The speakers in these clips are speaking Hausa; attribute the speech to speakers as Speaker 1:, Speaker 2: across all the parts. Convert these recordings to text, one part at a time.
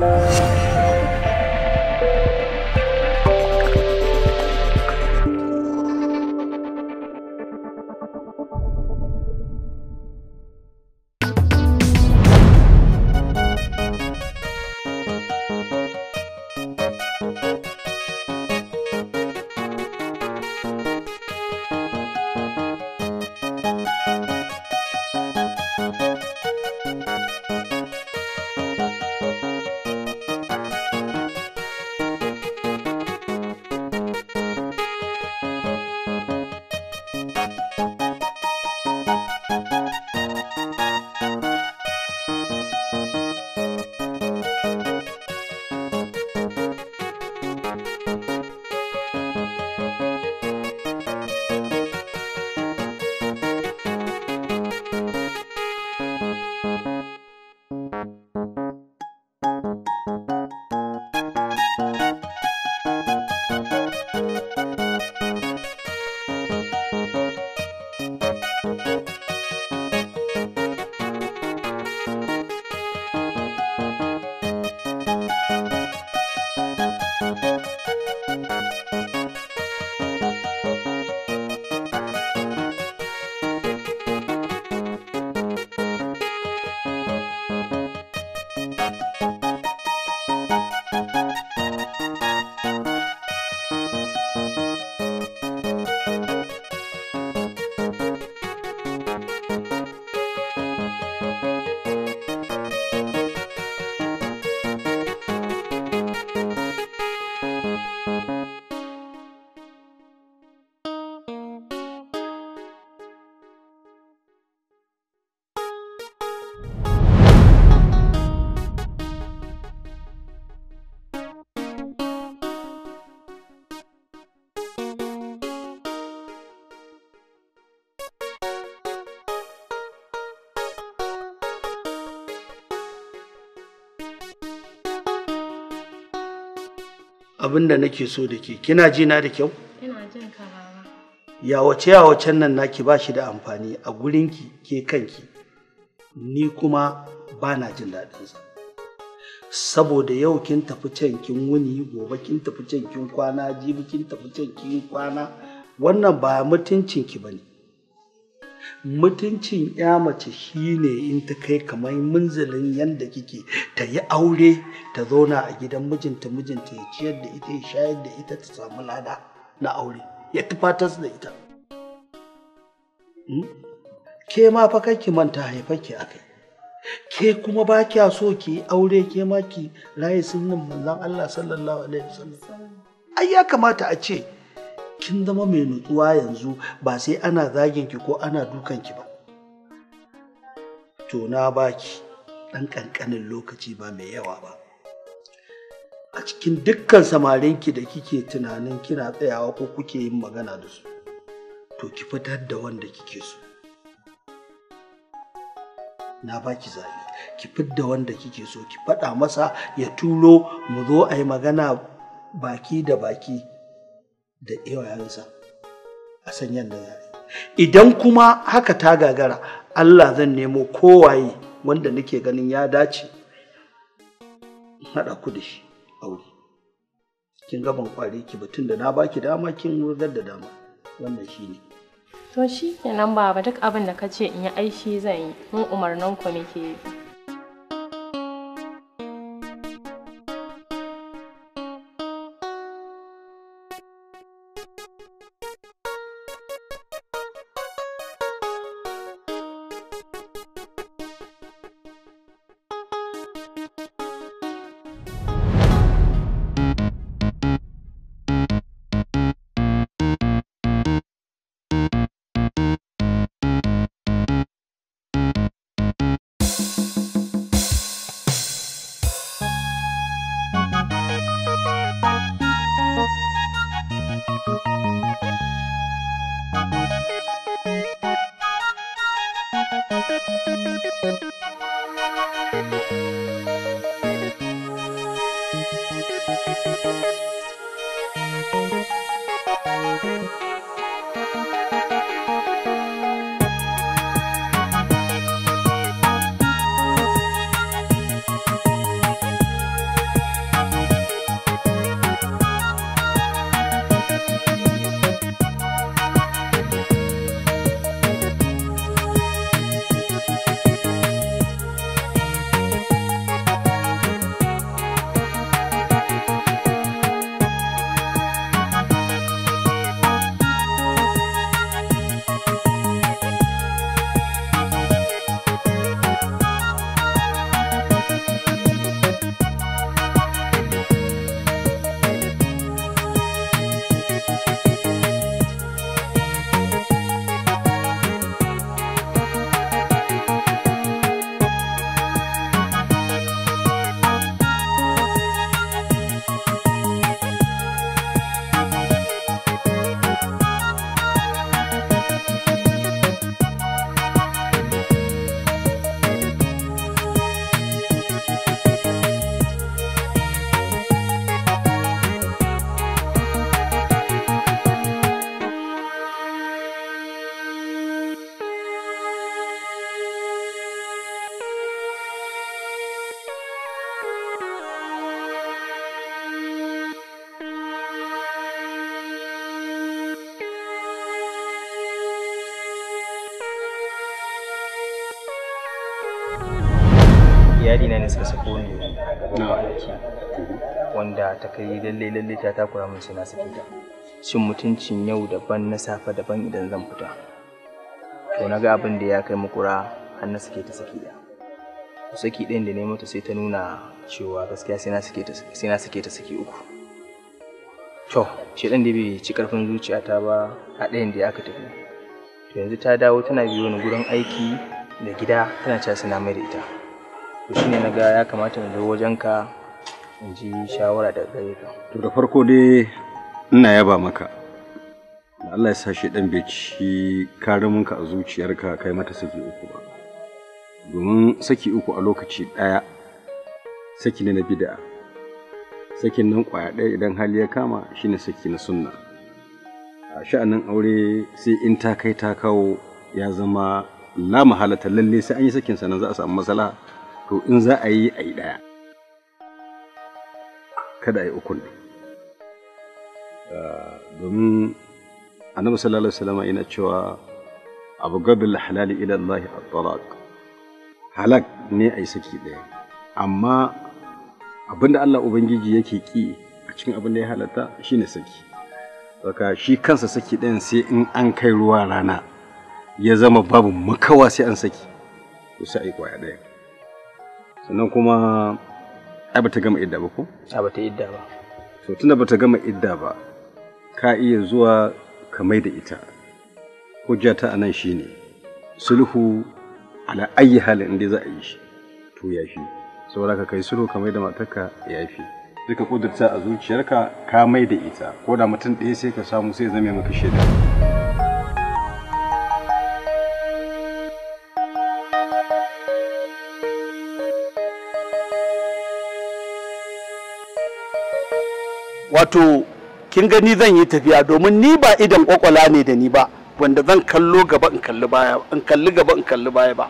Speaker 1: Música abin da nake so da ke kina ji na da kyau Yawace-yawacen ya nan naki ba shi da amfani a gurinki ke kanki ni kuma ba na jin daɗinsa saboda yau kin tafi can kin wuni gobe kin tafi can kin kwana jibi kin tafi can kin kwana wannan ba mutuncinki ki bane mutuncin ya mace shine in ta kai kamar munzalin yadda kike ta yi aure ta zauna a gidan mijinta mijinta ya ciyar da ita ya shayar da ita ta samu lada na aure ya tufatas da ita hmm? ke ma fa kake manta a akai ke kuma ba kya so ki yi aure ke ma ki raye sunan manzon Allah sallallahu alaihi wasallam ai ya kamata a ce kin zama mai nutsuwa yanzu ba sai ana zagin ki ko ana dukan ki ba to na baki ɗan ƙanƙanin lokaci ba mai yawa ba a cikin dukkan samarinki da kike tunanin kina tsayawa ko kuke yin magana da su to ki fitar da wanda kike so na baki zafi ki fidda wanda kike so ki faɗa masa ya turo mu zo a yi magana baki da baki da rasa a san yadda za idan kuma haka ta gagara Allah zan nemo kowaye wanda nake ganin ya dace haɗa ku da shi wuri. kin ga kwari ki batun da na baki dama kin wurgar da dama wannan shi ne.
Speaker 2: to shi kenan baba duk abin da ka ce in yi aishi zan yi mun umarnan ku muke yi
Speaker 3: na sako ne na aiki wanda ta kai lalle lalle ta takura min sai na sake ta shin mutuncin yau daban na safa daban idan zan fita to na ga abin da ya kai mukura har na sake ta saki da saki ɗayan da na mata sai ta nuna cewa gaskiya sai na sake ta saki uku to shi ɗan da bai ci karfin ta ba a ɗayan da ya aka tafi to yanzu ta dawo tana biyo ni gurin aiki da gida tana cewa suna mai da ita to shine na ya kamata na zo wajenka in ji shawara daga gare ka
Speaker 4: to da farko dai ina yaba maka Allah ya sa shi dan bai ci karaminka a zuciyarka kai mata saki uku ba domin saki uku a lokaci daya saki ne na bid'a sakin nan kwaya ɗaya idan hali ya kama shine saki na sunna a sha'anin aure sai in ta kai ta kawo ya zama la mahalata lalle sai an yi sakin sanan za a samu maslaha to in za a yi a yi ɗaya kada a yi ukun ah, domin annabi sallallahu alaihi wasallam yana cewa abu gabil halali ila Allah at-talaq halak ne a yi saki ɗaya amma abinda Allah ubangiji yake ki a cikin abin da ya halatta shine saki saka shi kansa saki ɗayan sai in an kai ruwa rana ya zama babu makawa sai an saki to sai a yi kwaya ɗaya sannan kuma ai ba ta gama idda ba ko? a ba ta idda ba so tunda ba ta gama idda ba ka iya zuwa ka mai da ita hujjata a nan shine sulhu ala ayi halin inda za a yi shi to ya fi saboda ka kai sulhu ka mai da matarka ya fi duka kudurta a zuciyarka ka mai da ita ko da mutum ɗaya sai ka samu sai zame maka shaida
Speaker 1: wato kin gani zan yi tafiya domin ni ba idan kwakwala ne da ni ba wanda zan kallo gaba in kalli baya in kalli gaba in kalli baya ba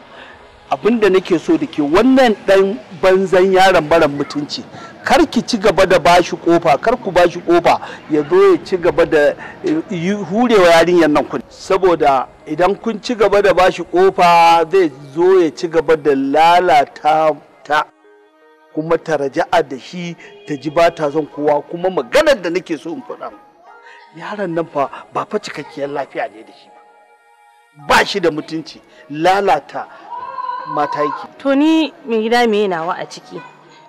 Speaker 1: abinda nake so da ke wannan dan banzan yaron baran mutunci kar ki ci gaba da bashi kofa kar ku bashi kofa ya zo ya ci gaba da eh, hurewa yarinyar nan kun saboda idan kun ci gaba da bashi kofa zai zo ya ci gaba da lalata ta kuma ta raja'a da shi ta ji ba ta zan kowa kuma maganar da nake so in faɗa yaron nan fa ba fa cikakkiyar lafiya ne da shi ba shi da mutunci
Speaker 2: lalata mata yake to ni me gida me nawa a ciki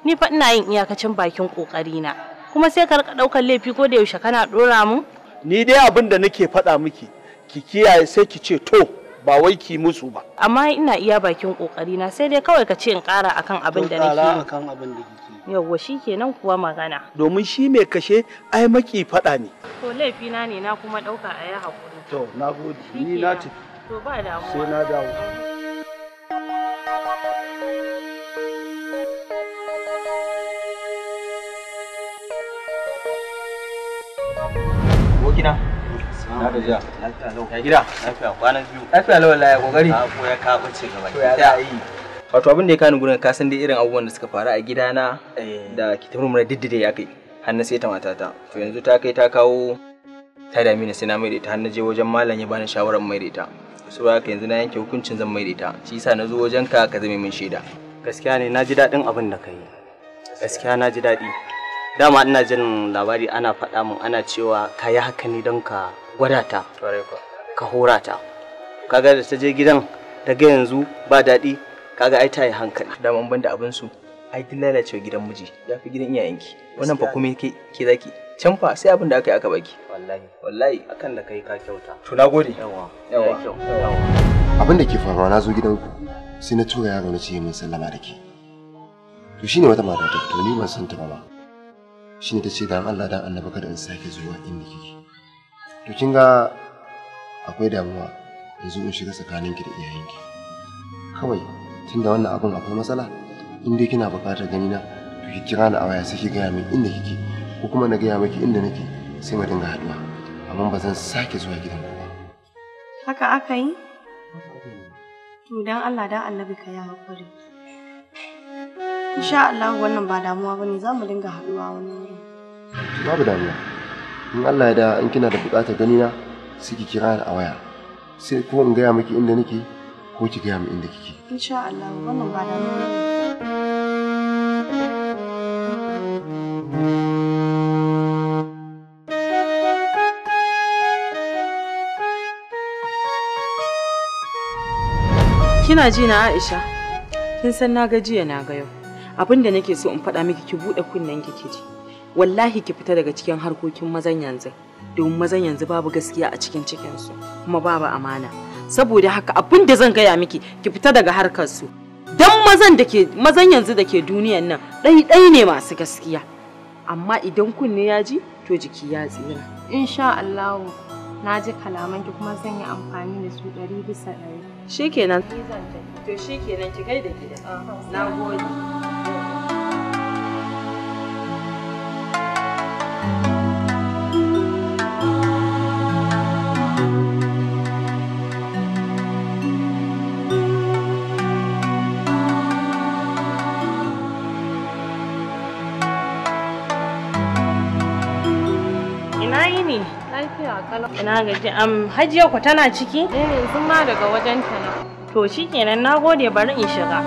Speaker 2: ni fa ina yin iyakacin bakin kokari na kuma sai ka rika daukar laifi ko da yaushe kana dora mu
Speaker 1: ni dai abin da nake faɗa miki ki kiyaye sai ki ce to ba wai ki musu ba
Speaker 2: amma ina iya bakin kokari na sai dai kawai ka ce in kara akan abin da nake akan abin da kike yawwa shikenan kuwa magana
Speaker 1: domin shi mai kashe ai maki fada ne
Speaker 2: to laifi ne na kuma dauka a ya hakuri
Speaker 1: to nagode ni na tafi
Speaker 2: to ba damuwa sai
Speaker 1: na dawo
Speaker 3: Abokina, kwanan biyu. Ah, ka yi? Wato abin da ya kani gudun ka san dai irin abubuwan da suka faru a gidana eh. da kitabun mura diddide ya kai. Hannu sai ta matata. To yanzu ta kai ta kawo ta dami na sai na mai da ita je wajen malam ya bani shawarar mai da ita. Saboda ka yanzu na yanke hukuncin zan mai da ita. Shi yasa na zo wajen ka ka zame min shaida. Gaskiya ne na ji daɗin abin da ka yi. Gaskiya na ji daɗi. dama ina jin labari ana faɗa mun ana cewa ka yi haka ne don ka wadata ka hora ta kaga da ta je gidan daga yanzu ba daɗi kaga ai ta yi hankali da mun banda abin su ai duk lalacewa gidan miji ya fi gidan iyayenki wannan fa kuma ke ke zaki can fa sai abin da aka yi aka baki wallahi wallahi akan da kai ka kyauta to nagode yawa yawa
Speaker 4: abin da ke faruwa na zo ku sai na tura yaro na ce min sallama da ke to shine wata mata ta fito ni ban san ta ba shine ta ce dan Allah dan annabi kada in sake zuwa inda kike to kin ga akwai damuwa yanzu in shiga tsakaninki da iyayenki kawai tun da wannan abin akwai matsala in dai kina buƙatar gani na to ki kira ni a waya sai ki gaya min inda kike ko kuma na gaya miki inda nake sai mu dinga haɗuwa amma ba zan sake zuwa gidan ba
Speaker 2: haka aka yi to dan Allah dan Annabi ka yi hakuri insha Allah wannan ba damuwa bane za mu dinga haɗuwa wani
Speaker 4: wuri babu damuwa in Allah ya da in kina da buƙatar ganina na ki kira a waya sai ko in gaya miki inda nake ko ki gaya min inda kike
Speaker 5: insha Allah wannan ba da
Speaker 2: kina ji na Aisha kin san na gajiya na ga yau abinda nake so in faɗa miki ki buɗe kunnen ki ji wallahi ki fita daga cikin harkokin mazan yanzu domin mazan yanzu babu gaskiya a cikin cikinsu kuma babu amana saboda haka abin da zan gaya miki ki fita daga harkarsu don mazan da ke mazan yanzu da ke duniyan nan ɗai ne masu gaskiya amma idan kunne ya ji to jiki ya tsira insha Allah na ji kalaman ki kuma zan yi amfani da su ɗari bisa ɗari shikenan to shikenan ki gaida gida na gode Ina gaji. Am Hajiya ku tana ciki? Eh, sun ma daga wajen ta na. To shikenan nagode bari in shiga.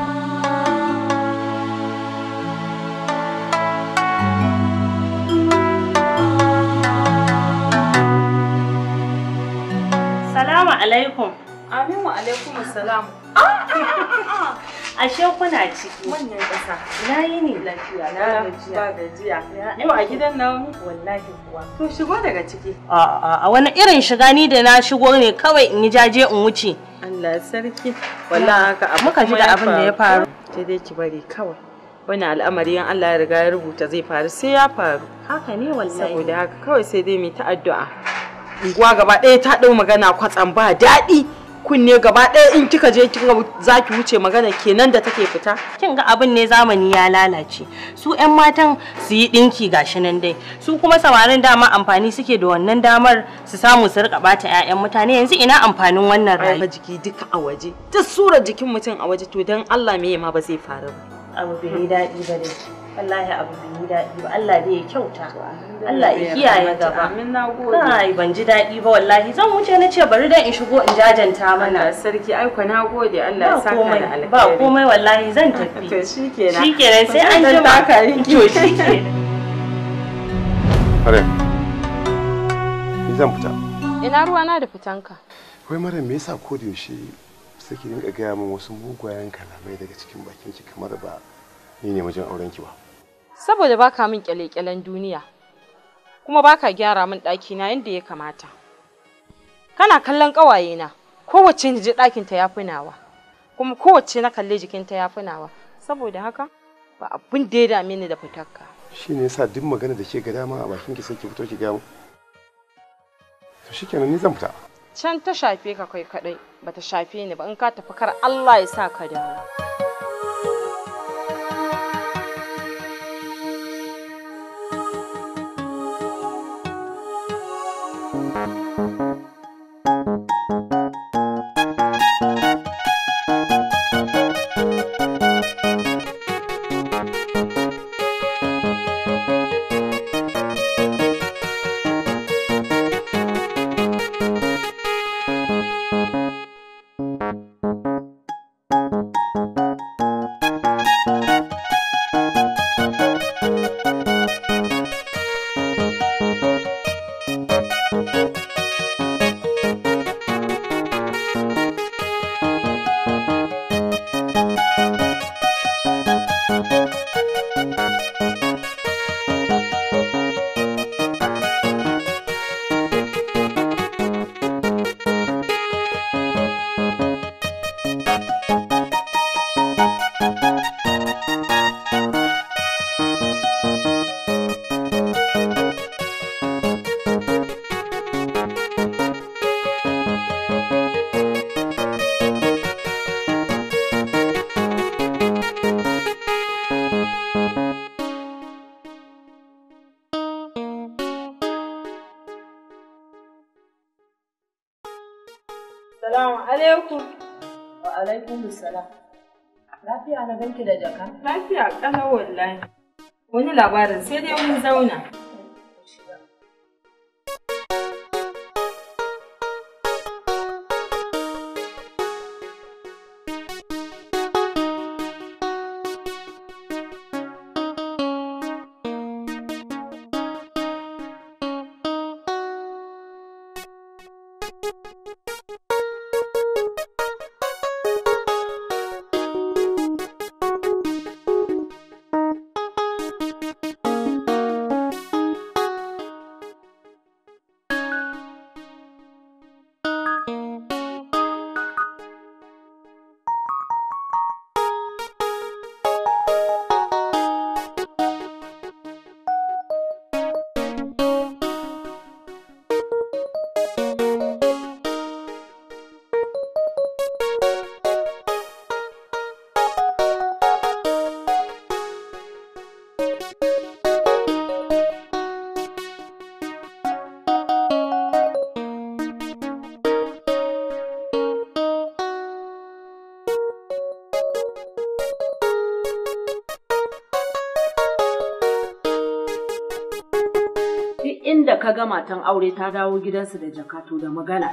Speaker 2: Salamu alaikum. Aminu alaikum salam. Ah, ah, ah, Ashe kuna ciki. Manyan ƙasa. Na yi ne lafiya. Na ba gajiya. Yau a gidan nan Wallahi kuwa. To shigo daga ciki. A a wani irin shiga ni da na shigo ne kawai in yi jaje in wuce. Allah sarki. Wallahi haka abu Muka ji da abin da ya faru. Sai dai ki bari kawai. Wani al'amari in Allah ya riga ya rubuta zai faru sai ya faru. Haka ne wallahi. Saboda haka kawai sai dai mu ta addu'a. Unguwa gaba ɗaya ta ɗau magana kwatsam ba daɗi. kunne gaba ɗaya in kika je kika za ki wuce magana kenan da take fita kin ga abin ne zamani ya lalace su yan matan su yi ɗinki gashi nan dai su kuma samarin dama amfani suke da wannan damar su samu su rika bata ƴaƴan mutane yanzu ina amfanin wannan rayuwa jiki duka a waje duk sura jikin mutum a waje to dan Allah me ma ba zai faru ba abu bai yi daɗi ba dai wallahi abu bai yi daɗi ba Allah dai ya kyauta Allah ya kiyaye gaba kai ban ji daɗi ba wallahi zan wuce na ce bari dan in shigo in jajanta mana Allah sarki ai ku na gode Allah ya saka da alheri ba komai wallahi zan tafi to shikenan shikenan sai an ji jima to shikenan
Speaker 4: Maryam zan fita
Speaker 2: ina ruwa na da fitanka
Speaker 4: wai Maryam me yasa ko da yaushe suke ki dinga gaya min wasu mugayen kalamai daga cikin bakin ki kamar ba ni ne mijin auren ki ba
Speaker 2: saboda baka min kyale-kyalen duniya kuma baka gyara min daki na yadda ya kamata kana kallon kawaye na kowace ji dakin ta yafi nawa kuma kowace na kalle jikin ta yafi nawa saboda haka ba abin da ya dame ni da fitarka
Speaker 4: shine yasa duk magana da ke ga dama a bakin ki sai ki fito ki ga mu to shikenan ni zan fita
Speaker 2: can ta shafe ka kai kadai bata shafe ni ba in ka tafi kar Allah ya sa ka dawo alaikum. Wa alaikum salam. Lafiya na banki da jaka? Lafiya ƙalau wallahi. Wani labarin sai dai wani zauna. inda ka ga matan aure ta dawo gidansu da jaka da magana.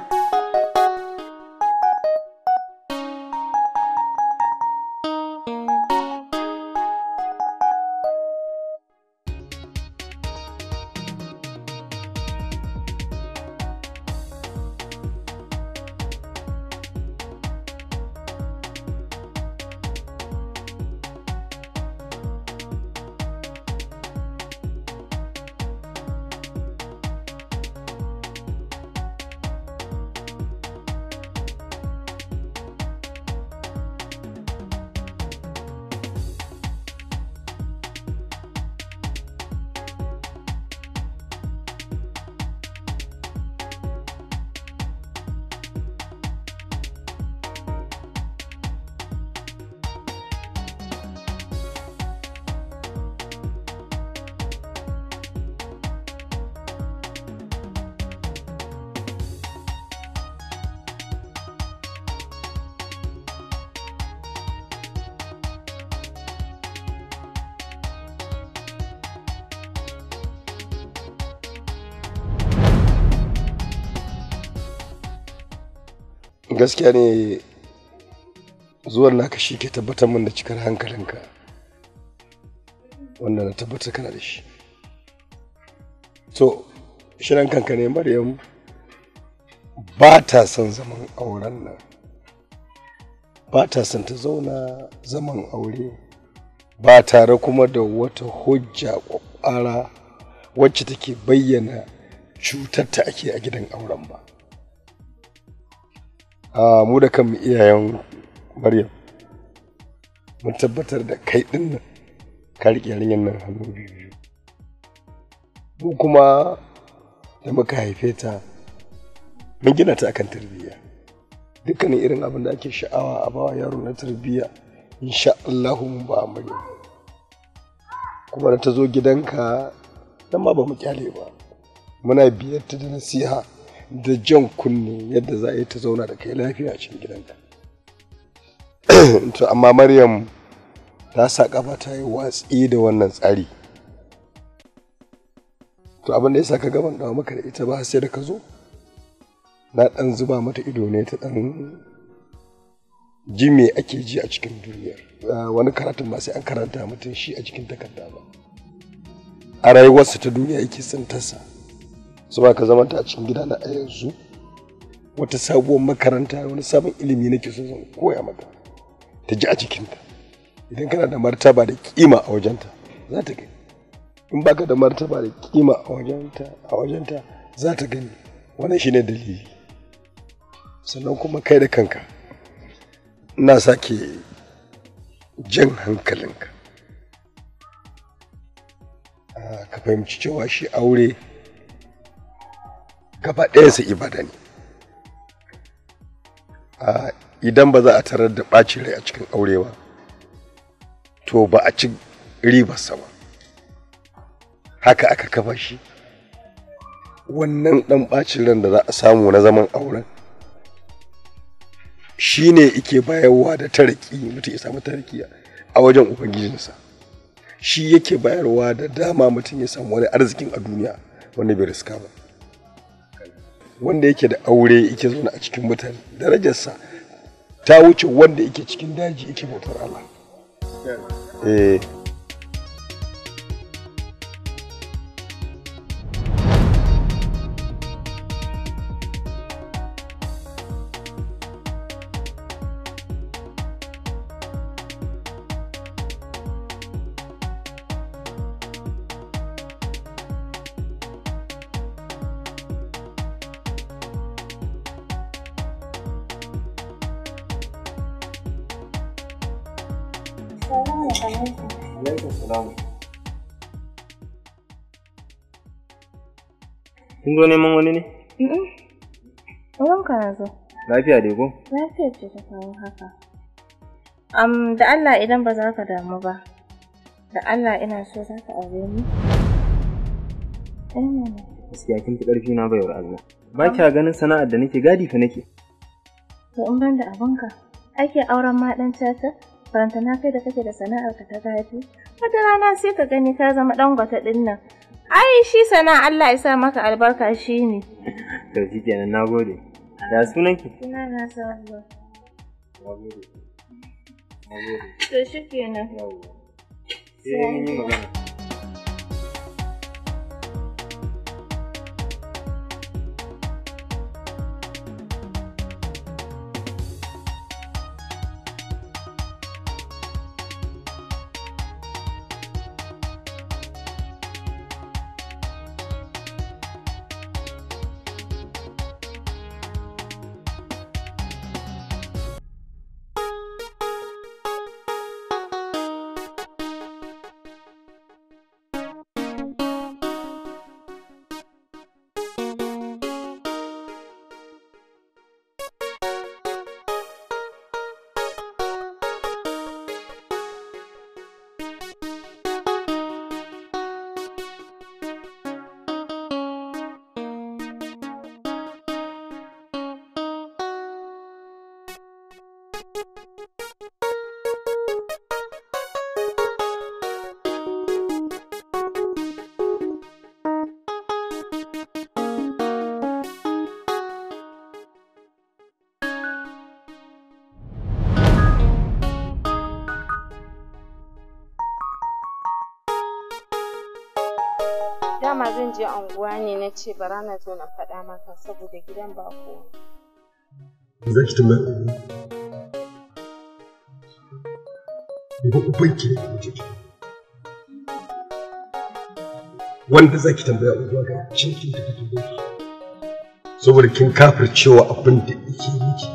Speaker 4: gaskiya ne zuwan naka shi ke tabbatar min da cikar hankalinka wanda na tabbatar kana da shi To shirin kanka ne maryam ba ta son zaman auren nan ba ta son ta zauna zaman aure ba tare kuma da wata hujja kwakwara wacce take bayyana cutar ta ake a gidan auren ba a ah, mu da kanmu iyayen maryam mun tabbatar da kai din nan ka riƙe yarinyar nan hannu biyu mu kuma da muka haife ta mun gina ta akan tarbiyya dukkanin irin abin da ake sha'awa a bawa yaro na tarbiyya insha Allah mun ba mu kuma da ta zo gidanka nan ma ba mu kyale ba muna biyar ta da nasiha da jan kunne yadda za a yi ta zauna da kai lafiya cikin gidanka to amma maryam ta sa kafa ta yi watsi da wannan tsari to abin da ya sa ka gaban dawa maka da ita ba sai da ka zo na dan zuba mata ido ne ta dan ji ake ji a cikin duniyar ah, wani karatun ba sai an karanta mutum shi a cikin takarda ba a rayuwarsa ta duniya yake tsintarsa Zuba ka zamanta a cikin gidana a yanzu wata sabuwar makaranta wani sabon ilimi nake so zan koya mata ta ji a jikinta idan kana da martaba da kima a wajenta za ta gani in baka da martaba da kima a wajenta a wajenta za ta gani wannan shine dalili sannan kuma kai da kanka ina sake jan hankalinka ah, ka fahimci cewa shi aure gaba ɗayansa ibada ne idan ba za a tarar da ɓacin rai a cikin aurewa, to ba a ci ribarsa ba haka aka kafa shi wannan ɗan ɓacin ran da za a samu na zaman auren shi ne ike bayarwa da taraki mutum ya samu taraki a wajen ubangijinsa shi yake bayarwa da dama mutum ya samu wani arzikin a duniya wani bai riska ba wanda yake da aure yake zaune a cikin mutane darajarsa ta wuce wanda yake cikin daji yake bautar Allah
Speaker 5: eh
Speaker 3: zo neman wani ne?
Speaker 5: Wurin ka na zo. Lafiya dai ko? Lafiya ce ta kawo haka.
Speaker 2: Am da Allah idan ba za ka damu ba. Da Allah ina so za ka aure ni.
Speaker 3: Gaskiya kin fi ƙarfi na bayar Allah. Ba kya ganin sana'ar da nake gadi fa nake.
Speaker 2: To in ban da ka. ake auren ma ɗan cata? Faranta na kai da kake da sana'ar ka ta gadi. Wata rana sai ka gani ka zama ɗan gwata ɗin nan. Ai shi sana Allah ya sa maka albarka shi ne. To shi
Speaker 3: kenan na gode. Da sunan ki?
Speaker 5: Suna na Sa'adu. Na gode. Na gode. To shi kenan. Sai eh, mun yi magana.
Speaker 2: unguwa ne na ce bara na zo na faɗa maka saboda
Speaker 5: gidan ba kowa. Za ki tambaya ku. Ba ubanki ne ku ce.
Speaker 4: Wanda za ki tambaya unguwa ga cikin da kake gudu. Saboda kin cewa abin da yake miki,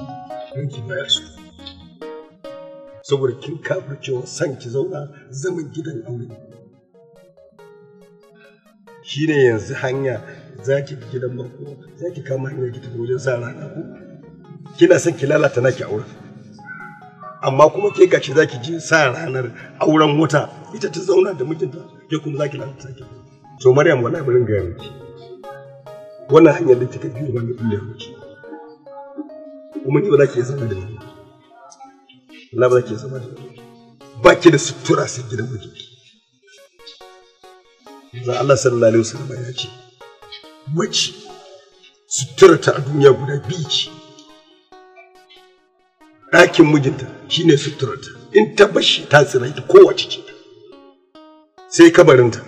Speaker 4: yanki baya su. Saboda kin cewa san ki zauna zaman gidan aure. shi ne yanzu hanya za ki gidan barko za ki kama hanyar ki tafi wajen sa rana ko kina son ki lalata naki auren amma kuma ke gashi za ki ji sa ranar auren wata ita ta zauna da mijinta ke kuma za ki lalata ki to maryam wallahi bari ga miki wannan hanyar da kika biyo wannan mai kulle miki kuma ki ba za ki zama da ni wallahi ba za ki zama da ni ba ki da sutura sai gidan mijinki Za Allah sallallahu alaihi wasallam ya ce mace sutura ta a duniya guda biyu ce. Ɗakin mijinta shine suturarta in ta bashi ta tsiraita kowace ce sai kabarinta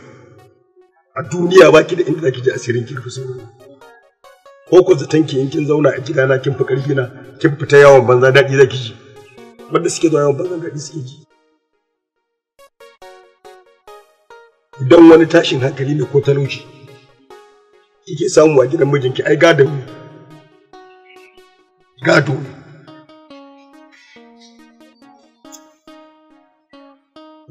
Speaker 4: a duniya baki da inda zaki ji asirin kirfi rufe ko ko ku zaton ki in kin zauna a gidana kin fi karfi na kin fita yawon banza daɗi zaki ji wanda suke zuwa yawon banza daɗi suke ji idan wani tashin hankali ne ko talauci kike samu a gidan mijinki ai gado ne gado ne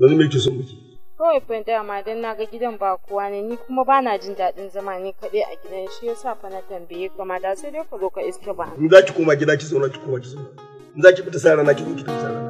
Speaker 4: wani mai kike so miki
Speaker 2: kawai fa dama don na ga gidan ba kowa ne ni kuma ba na jin daɗin zama ne kaɗai a gidan shi yasa fa na tambaye ka ma da sai dai ka zo ka iske ba in
Speaker 4: za ki koma gida ki zauna ki koma ki zauna in za ki fita sa rana ki zo ki fita sa rana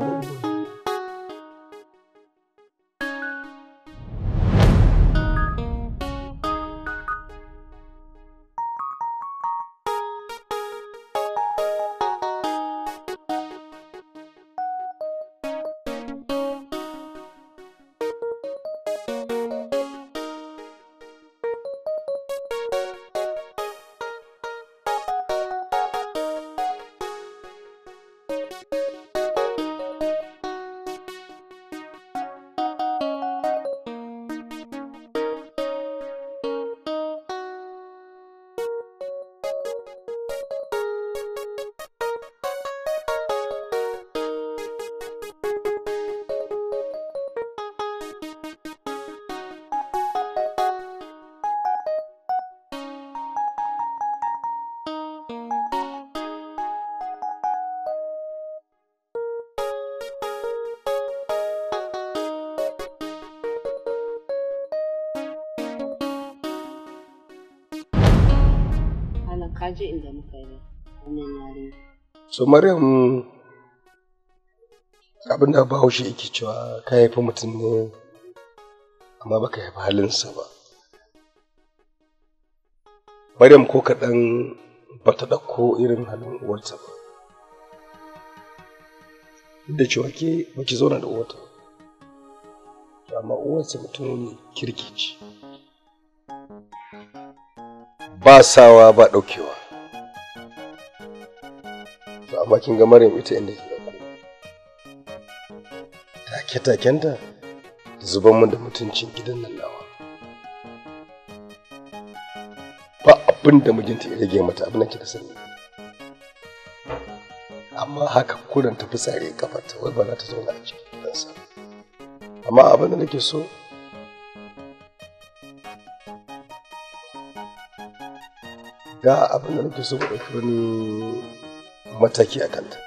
Speaker 2: je inda muka yi
Speaker 5: wannan yare.
Speaker 4: So Maryam abin da haushe yake cewa ka haifi mutum ne amma baka haifi halinsa ba. Maryam ko kaɗan ba ta ɗauko irin halin uwarta ba. Duk da cewa ke ba ki zauna da uwarta amma uwarsa mutum ne kirkici ba sawa ba ɗaukewa bakin kin ga Maryam ita inda ke take-takenta zuban mu da mutuncin gidan nan nawa ba abin da mijinta ya rage mata abin da kika sani amma haka kuran ta fitsare kafarta wai ba za
Speaker 5: ta zauna a cikin gidansa
Speaker 4: amma abin da nake so ga abin da nake so ku ɗauki wani mataki a kanta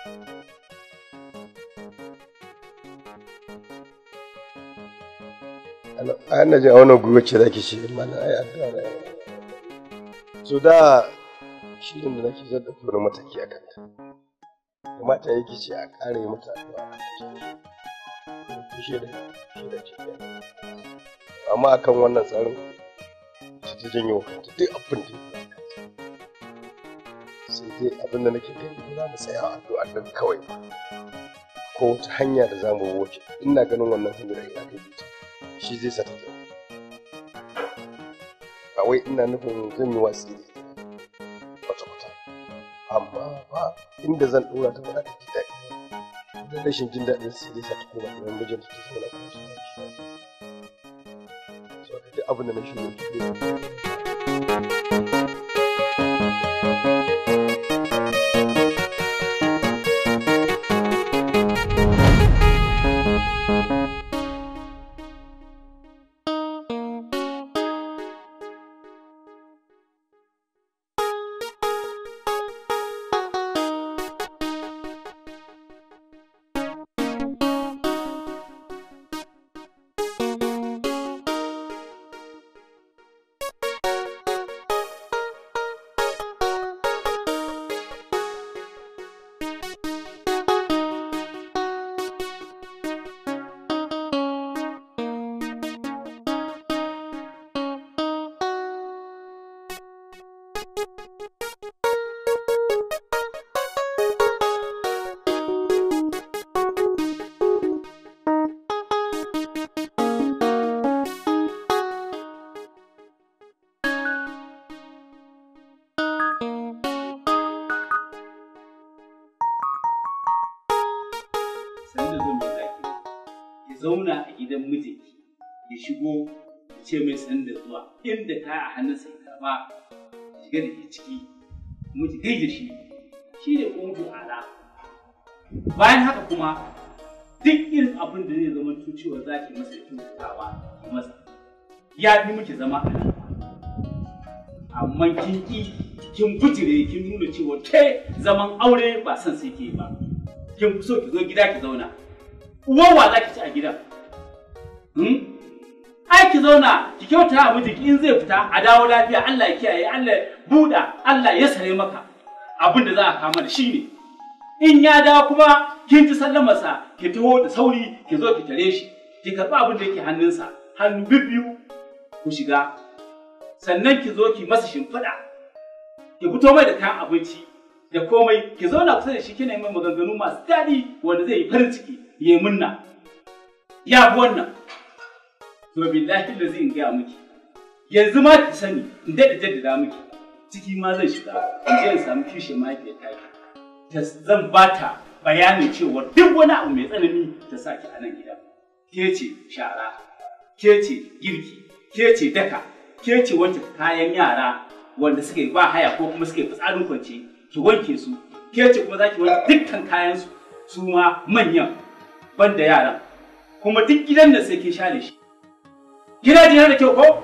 Speaker 4: a yana jin a wannan gwiwa ce zaki ce mana ai addu'a na so da shi ne da zaki zai dafa wani mataki a kanta kamata yake ce a ƙara mata addu'a a shi da shi da ce amma akan wannan tsarin ta janyo kanta duk abin da sai abin da nake gani za mu tsaya a addu'a nan kawai ko wata hanya da za mu wuce ina ganin wannan hanyar ina kai shi zai sa ta kyau ba wai ina nufin zan yi watsi da ita kwata-kwata
Speaker 5: amma ba inda zan ɗora ta ba ta ji daɗi da rashin
Speaker 4: jin daɗin sai zai sa ta koma da mijinta ta
Speaker 5: zauna kuma shi so ka duk
Speaker 4: abin da na shirya ki Thank you.
Speaker 6: shiga da ke ciki ki ji da shi shi ne ƙungu ala bayan haka kuma duk irin abin da zai zama cewa za ki masa kyautatawa ki masa ya fi muke zama a nan amma kin ki kin bujire kin nuna cewa ke zaman aure ba son sai ke ba kin so ki zo gida ki zauna uwa wa za ki ci a gidan hmm? ai ki zauna ki kyauta a mijinki in zai fita a dawo lafiya Allah ya kiyaye Allah ya buɗa Allah ya sare maka abin da za a kama da shi ne in ya dawo kuma kin ji sallamarsa ki taho da sauri ki zo ki tare shi ki karɓi abin da yake hannunsa hannu bibbiyu ku shiga sannan ki zo ki masa shimfiɗa ki fito mai da kayan abinci da komai ki zauna kusa da shi kina yi ma maganganu masu daɗi wanda zai yi farin ciki ya yi munna ya fi wannan to billahi da zai gaya miki yanzu ma ki sani in da jaddada miki ciki ma zai shiga in je in samu kishin mahaifiyar taki ta zan ba ta bayanin cewa duk wani abu mai tsanani ta sa ki a nan gida ke ce shara ke ce girki ke ce daka ke ce wanke kayan yara wanda suke ba haya ko kuma suke fitsarin kwance ki wanke su ke ce kuma za ki wanke dukkan kayan su su ma manyan banda yaran kuma duk gidan da sai ke share shi kina jina da kyau ko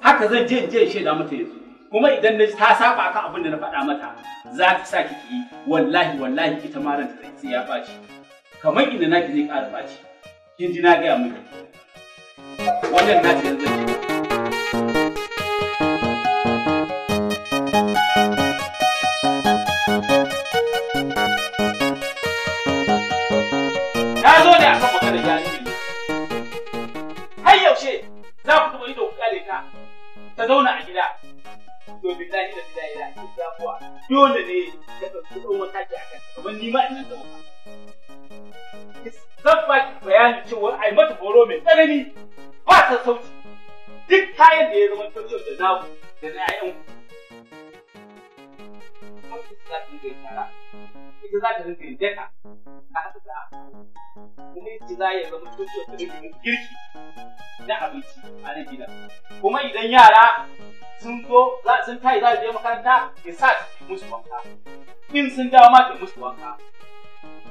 Speaker 6: haka zan je in je in shaida mata yanzu kuma idan na ta saba ka abin da na faɗa mata za ta sa kiki yi wallahi wallahi ita ma ta sai ya ɓaci. kamar inda naki zai ƙara ɓaci, kin ji na gaya miki wannan na ce zan je ta zauna a gida to billahi da gida da ake kuwa dole ne ka ɗauki ɗan mataki a kan kamar ni ma ina da wata zan ba ki bayanin cewa yi mata horo mai tsanani ba ta sauki duk kayan da ya zama kyau da namu da na 'ya'yanku wacce za ta rinka shara ita za ta rinka daka a
Speaker 5: haka za a
Speaker 6: kuma ita za ya zama to cewa ta rinka girki na abinci a nan gidan kuma idan yara sun zo sun tayi za su je makaranta ya sa ta musu wanka in sun dawo ma ta musu wanka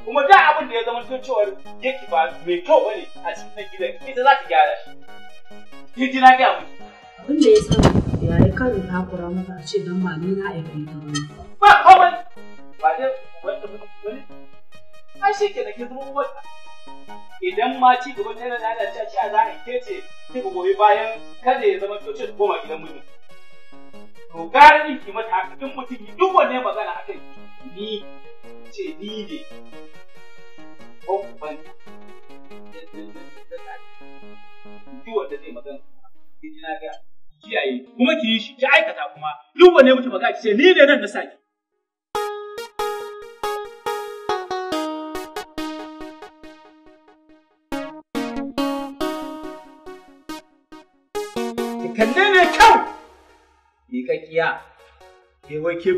Speaker 6: kuma da abin da ya zama to cewar yake ba mai kyau bane a cikin gidan ita za ta gyara shi kin ji na gaya
Speaker 2: Wanda ya sa ya yi karin takura maka a ce don ba ni na aikin ta wani. Ba komai
Speaker 5: ba dai wanda wani
Speaker 6: ai shi ke da ke zama wata. Idan ma ci gaba ta yana lalace a ce a zahar ke ce ki ga goyi bayan kada ya zama kyauce koma gidan mijin. To gara in ki mata haka in mutum yi duk wanne magana akai ni ce ni ne. Ko ban ji wanda zai magana. Ina ga kiyaye kuma ki yi shi ki aikata kuma duk wanne mutum baka ce ni ne nan na saki ki kalle ne kyau ki kakkiya ke wai ke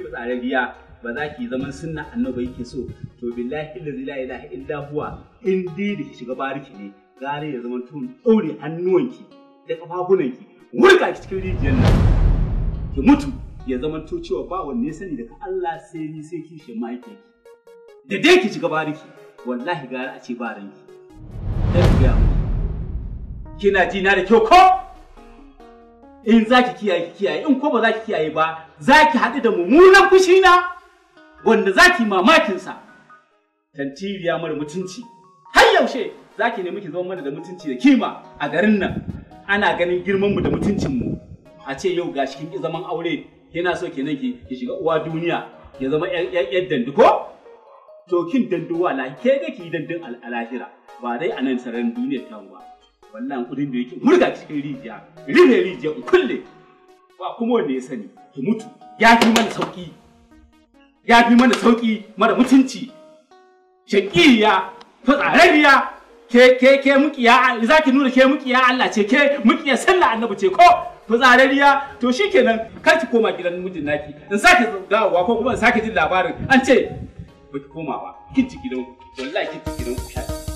Speaker 6: biya ba za ki zaman sunna annabi yake so to billahi lahi ilaha illa huwa in dai da ki shiga bariki ne gare ya zaman tun ɗaure hannuwanki da kafafunanki wurka ki cikin rijiyar nan ki mutu ya zama to cewa ba wanne sani daga Allah sai ni sai shi mai ki da dai ki shiga bariki wallahi ga a ce ba ranki dan kina ji na da kyau ko in za kiyaye ki kiyaye in ko ba za ki kiyaye ba zaki ki haɗu da mummunan fushi na wanda zaki ki mamakin sa tantiriya mara mutunci har yaushe zaki ki nemi ki zama mana da mutunci da kima a garin nan ana ganin girman mu da mutuncin mu a ce yau ga cikin zaman aure yana so kenan ki ki shiga uwa duniya ya zama yan dandu ko to kin dandu la ke ga ki dandun al'ahira ba dai a nan sararin duniyar ta ba Wannan kudin da yake murga cikin rijiya rijiya rijiya kulle ba kuma wanda ya sani ki mutu ya fi mana sauki ya fi mana sauki mara mutunci shakiya fatsarariya ke ke ke mukiya za ki nuna ke mukiya Allah ce ke mukiya sallah annabi ce ko fitsarariya to shikenan kar ki koma gidan mijin naki in sake dawowa ko kuma in sake jin labarin an ce ba ki koma ba kin ci gidan wallahi kin ci gidan ku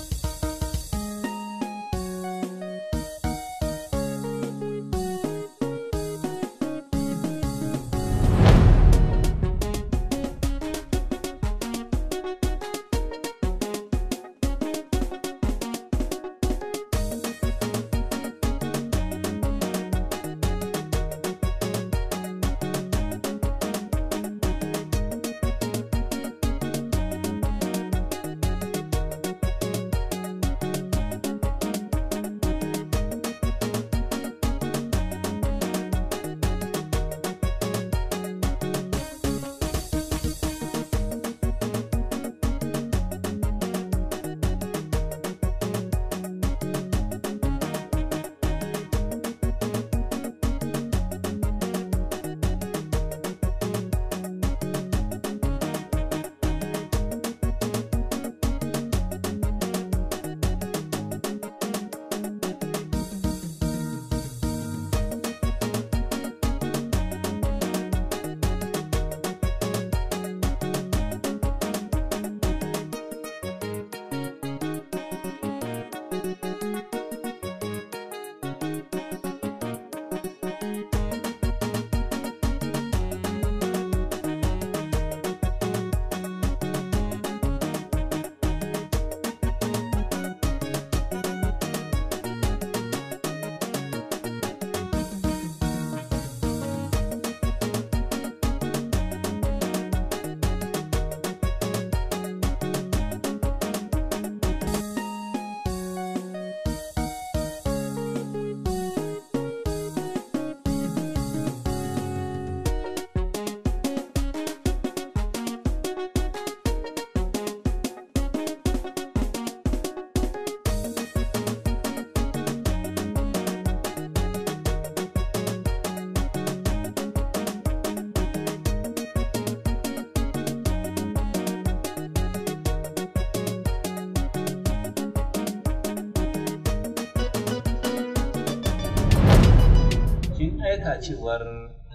Speaker 6: cewar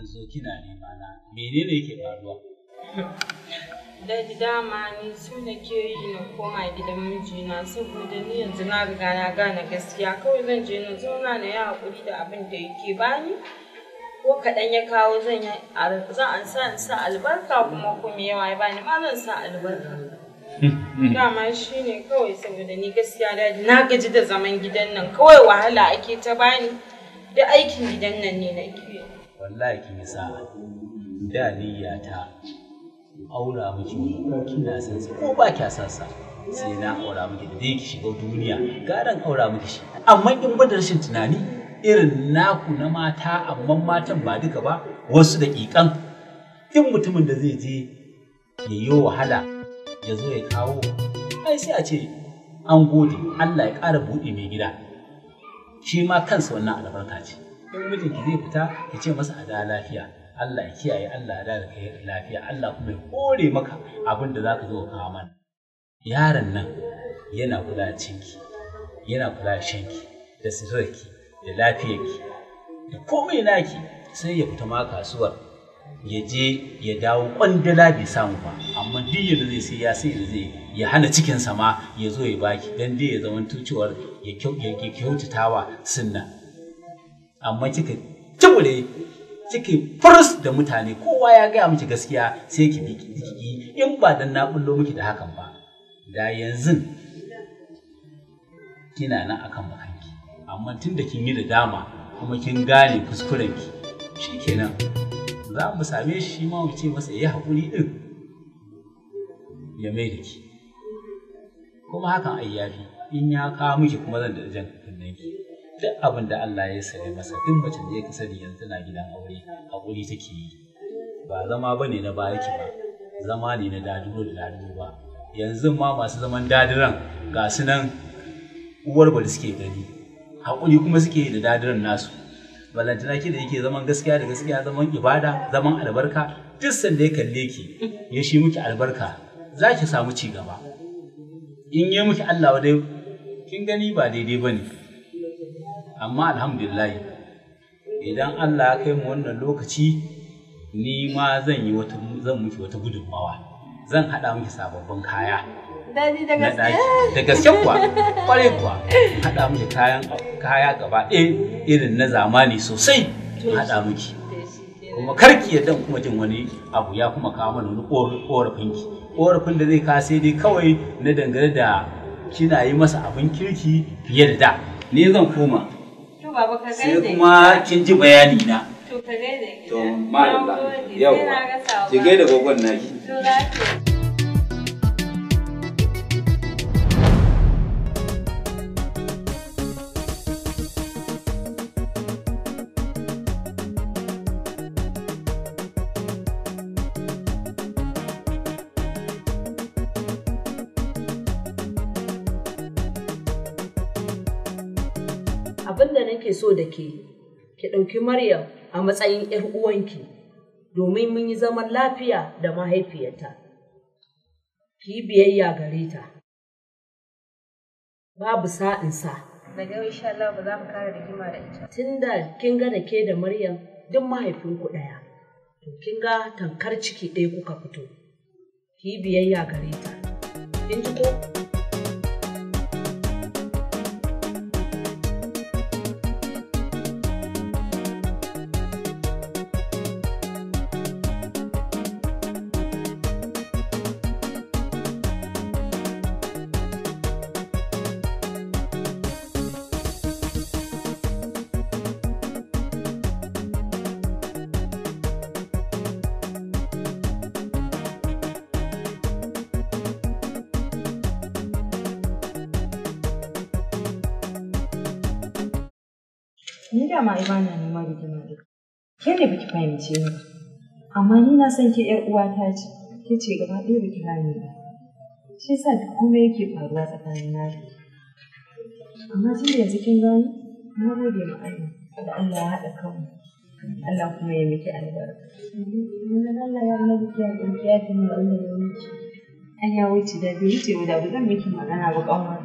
Speaker 6: zo kina nema na menene yake faruwa
Speaker 2: dama ni su nake yi na koma gidan mijina saboda ni yanzu na riga na gane gaskiya kawai zan je na zauna na yi hakuri da abin da yake bani ko kaɗan ya kawo zan yi an sa in sa albarka kuma kuma yawa ya bani ma zan sa albarka dama shi ne kawai saboda ni gaskiya da na gaji da zaman gidan nan kawai wahala ake ta bani da aikin gidan nan ne na ke.
Speaker 6: Wallahi kin sa da niyya ta aura miki kina san ko ba kya san sa sai na aura miki da dai ki shiga duniya garan aura miki shi amma in ba da rashin tunani irin naku na mata amma matan ba duka ba wasu daƙiƙan in mutumin da zai je ya yi wahala ya zo ya kawo ai sai a ce an gode Allah ya ƙara buɗe mai gida shi ma kansa wannan albarka ce in mijinki zai fita ki ce masa a da lafiya Allah ya kiyaye Allah ya da lafiya Allah kuma ya kore maka abin da za ka zo kawo mana yaron nan yana kula da cinki yana kula da shanki da sirrarki da lafiyarki da komai naki sai ya fita ma kasuwar ya je ya dawo kwandala bai samu ba amma duk yadda zai sai ya sai zai ya hana cikin sama ya zo ya baki dan dai ya zama tucewar ya kyautatawa wa sunna amma kika tubule kike furs da mutane kowa ya gaya miki gaskiya sai ki bi in ba dan na bullo miki da hakan ba da yanzu kina nan akan bakanki amma tunda kin yi da dama kuma kin gane kuskurenki shikenan za mu same shi ma mu ce masa ya haƙuri ɗin ya mai da ki kuma hakan ai fi. in ya kawo miki kuma zan da jan kunnen ki duk abin da Allah ya sare masa duk mace da ya kasa da yanzu tana gidan aure haƙuri take yi ba zama ba ne na baki ba zama ne na daduro da daduro ba yanzu ma masu zaman dadiran ga su nan uwar ba suke gani haƙuri kuma suke yi da dadiran nasu balantana ki da yake zaman gaskiya da gaskiya zaman ibada zaman albarka duk sanda ya kalle ki ya shi miki albarka za ki samu ci gaba in yi miki Allah wadai kin gani ba daidai ba ne amma alhamdulillah idan Allah ya kai mu wannan lokaci ni ma zan yi wata zan miki wata gudunmawa zan haɗa miki sababbin kaya daji da gaske da gaske kuwa kwarai kuwa haɗa miki kayan kaya gaba ɗaya irin na zamani sosai haɗa miki kuma karki yadda kuma jin wani abu ya kuma kawo mana wani korafin ki korafin da zai kawo sai dai kawai na dangane da kina yi masa abin kirki fiye da da ni zan koma
Speaker 2: sai kuma kin ji bayani na to ma yau ki gaida
Speaker 6: gogon naki
Speaker 2: da ke, ki ɗauki Maryam a matsayin ‘yar uwanki, domin mun yi zaman lafiya da mahaifiyarta, ki yi biyayya gare ta. Babu sa'insa. Daga yau insha Allah ba za mu kara rigima da ita. da kin ga da ke da Maryam duk mahaifinku ɗaya, to kin ga tankar ciki ɗaya kuka fito, ki yi biyayya gare ta.
Speaker 5: Kin ji ko?
Speaker 2: Ni da ma ba na nema rigima da ke ne biki fahimce ni ba. Amma ni na san ke ƴar uwata ce, ke ce gaba
Speaker 5: ɗaya biki rani ba. Shi yasa duk komai yake faruwa tsakanin na da Amma tun da yanzu kin gano, na gode ma Allah da Allah ya haɗa kanmu. Allah kuma ya miki albarka.
Speaker 2: Na Allah ya miki ya ɗauki ya fi mai wanda ya miki. An ya wuce da bai wuce da ba zan miki magana ba ƙanwa.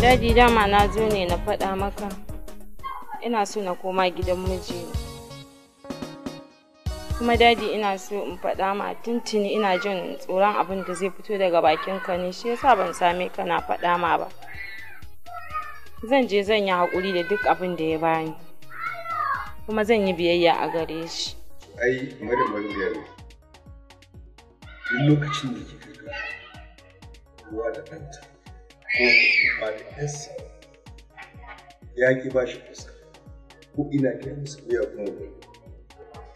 Speaker 2: Dadi dama na zo ne na faɗa maka. Ina so na koma gidan miji. Kuma dadi ina so in faɗa ma tuntuni ina jin tsoron abin da zai fito daga bakin ka ne shi yasa ban same ka na faɗa ma ba. Zan je zan yi haƙuri da duk abin da ya bani. Kuma zan yi biyayya a gare shi.
Speaker 4: Ai, mara bangare. Duk lokacin da kika ga ruwa da ɗanta. ko ifaninsa ya ki ba shi fuska ko ina gaya musu biya kuma ba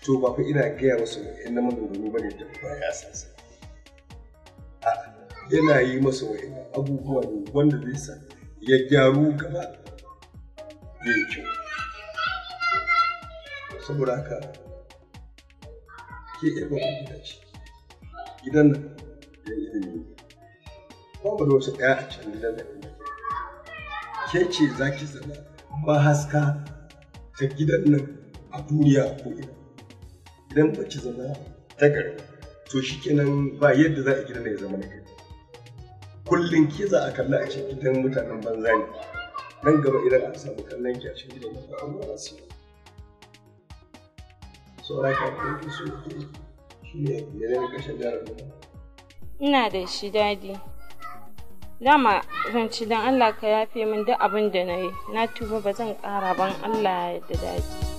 Speaker 4: to ba fa ina gaya musu in na ba ne da ba ya san yana yi masa wa'in abubuwa ne wanda zai sa ya gyaru gaba ya kyau saboda haka ke iya ba gidan nan ya ilimi babu da wasu ɗaya a can gidan da ke ce za ki zama mahaska ta gidan nan a duniya ko ina idan ba ki zama ta gari to shi kenan ba yadda za a gidan nan ya zama na gari kullum ke za a kalla a cikin gidan mutanen banza ne nan gaba idan an samu kallon ki a cikin gidan ba a mara su
Speaker 5: saura ka kuma su shi ne ya ne kashin jarar
Speaker 2: ina da shi dadi dama zan ci don allah ka yafe min duk abin da na yi na tuba ba zan kara ban allah ya da daji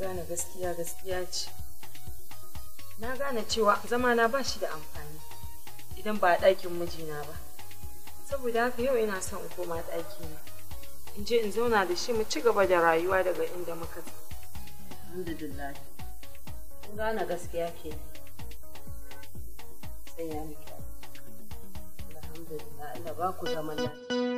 Speaker 2: gane gaskiya gaskiya ce na gane cewa zamana ba shi da amfani idan ba a ɗakin mijina ba saboda haka yau ina son in koma ɗaki na in je in zauna da shi mu ci gaba da rayuwa daga inda muka alhamdulillahi kun gane gaskiya ke
Speaker 5: sai ya alhamdulillah Allah ba ku zaman lafiya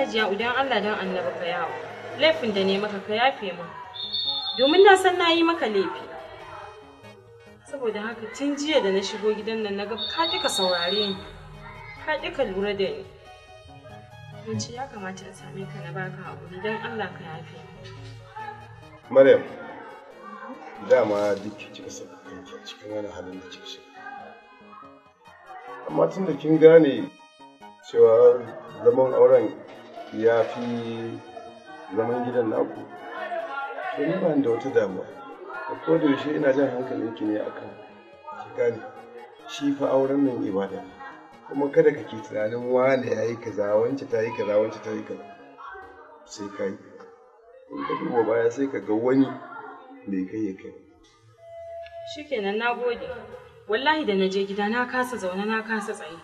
Speaker 2: ajiya idan allah don annabi ka yawo laifin da ne maka ka yafe mu. domin na san na yi maka laifi saboda haka tun jiya da na shigo gidan nan na ga ka ka saurare ni ka ka lura da ni mun ce ya kamata a same ka na baka haƙuri don allah ka yafe
Speaker 4: maryam dama duk kika saka kanki cikin wani halin da kika shiga amma tun da kin gane cewa zaman auren ya fi zaman gidan naku to ni ba da wata damuwa a koda yaushe ina jan hankalin ki ne akan ki gane shi fa auren nan ibada kuma kada ka ke tunanin wane ya yi kaza wance ta yi kaza wance ta yi kaza sai ka yi in ka duba baya sai ka ga wani mai kai ya kai
Speaker 2: shikenan na gode wallahi da na je gida na kasa zaune na kasa tsaye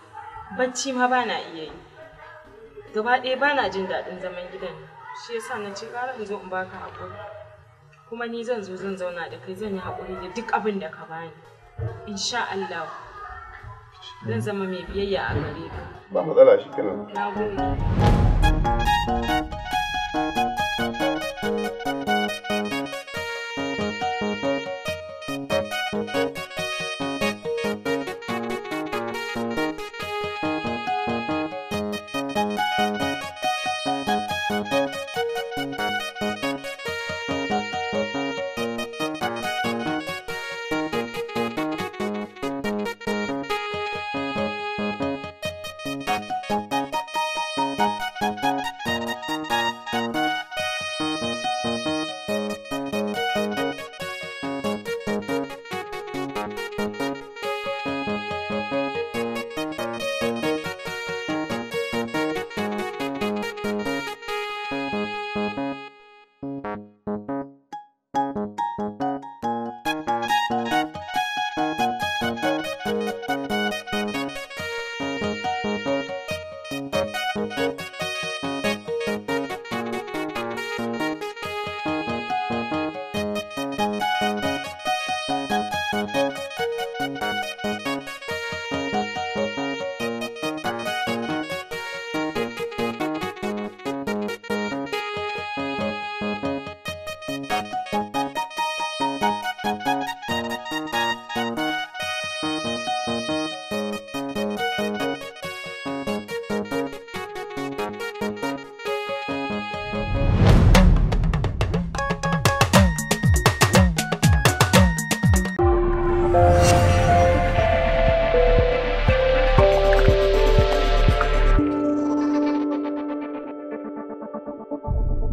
Speaker 2: bacci ma bana iya yi gaba ɗaya ba na jin daɗin zaman gidan shi yasa na ce ƙara in zo in baka haƙuri kuma ni zan zo zan zauna da kai zan yi haƙuri da duk abin da ka bani insha Allah zan zama mai biyayya a gare ka
Speaker 4: ba matsala shi kenan
Speaker 5: na gode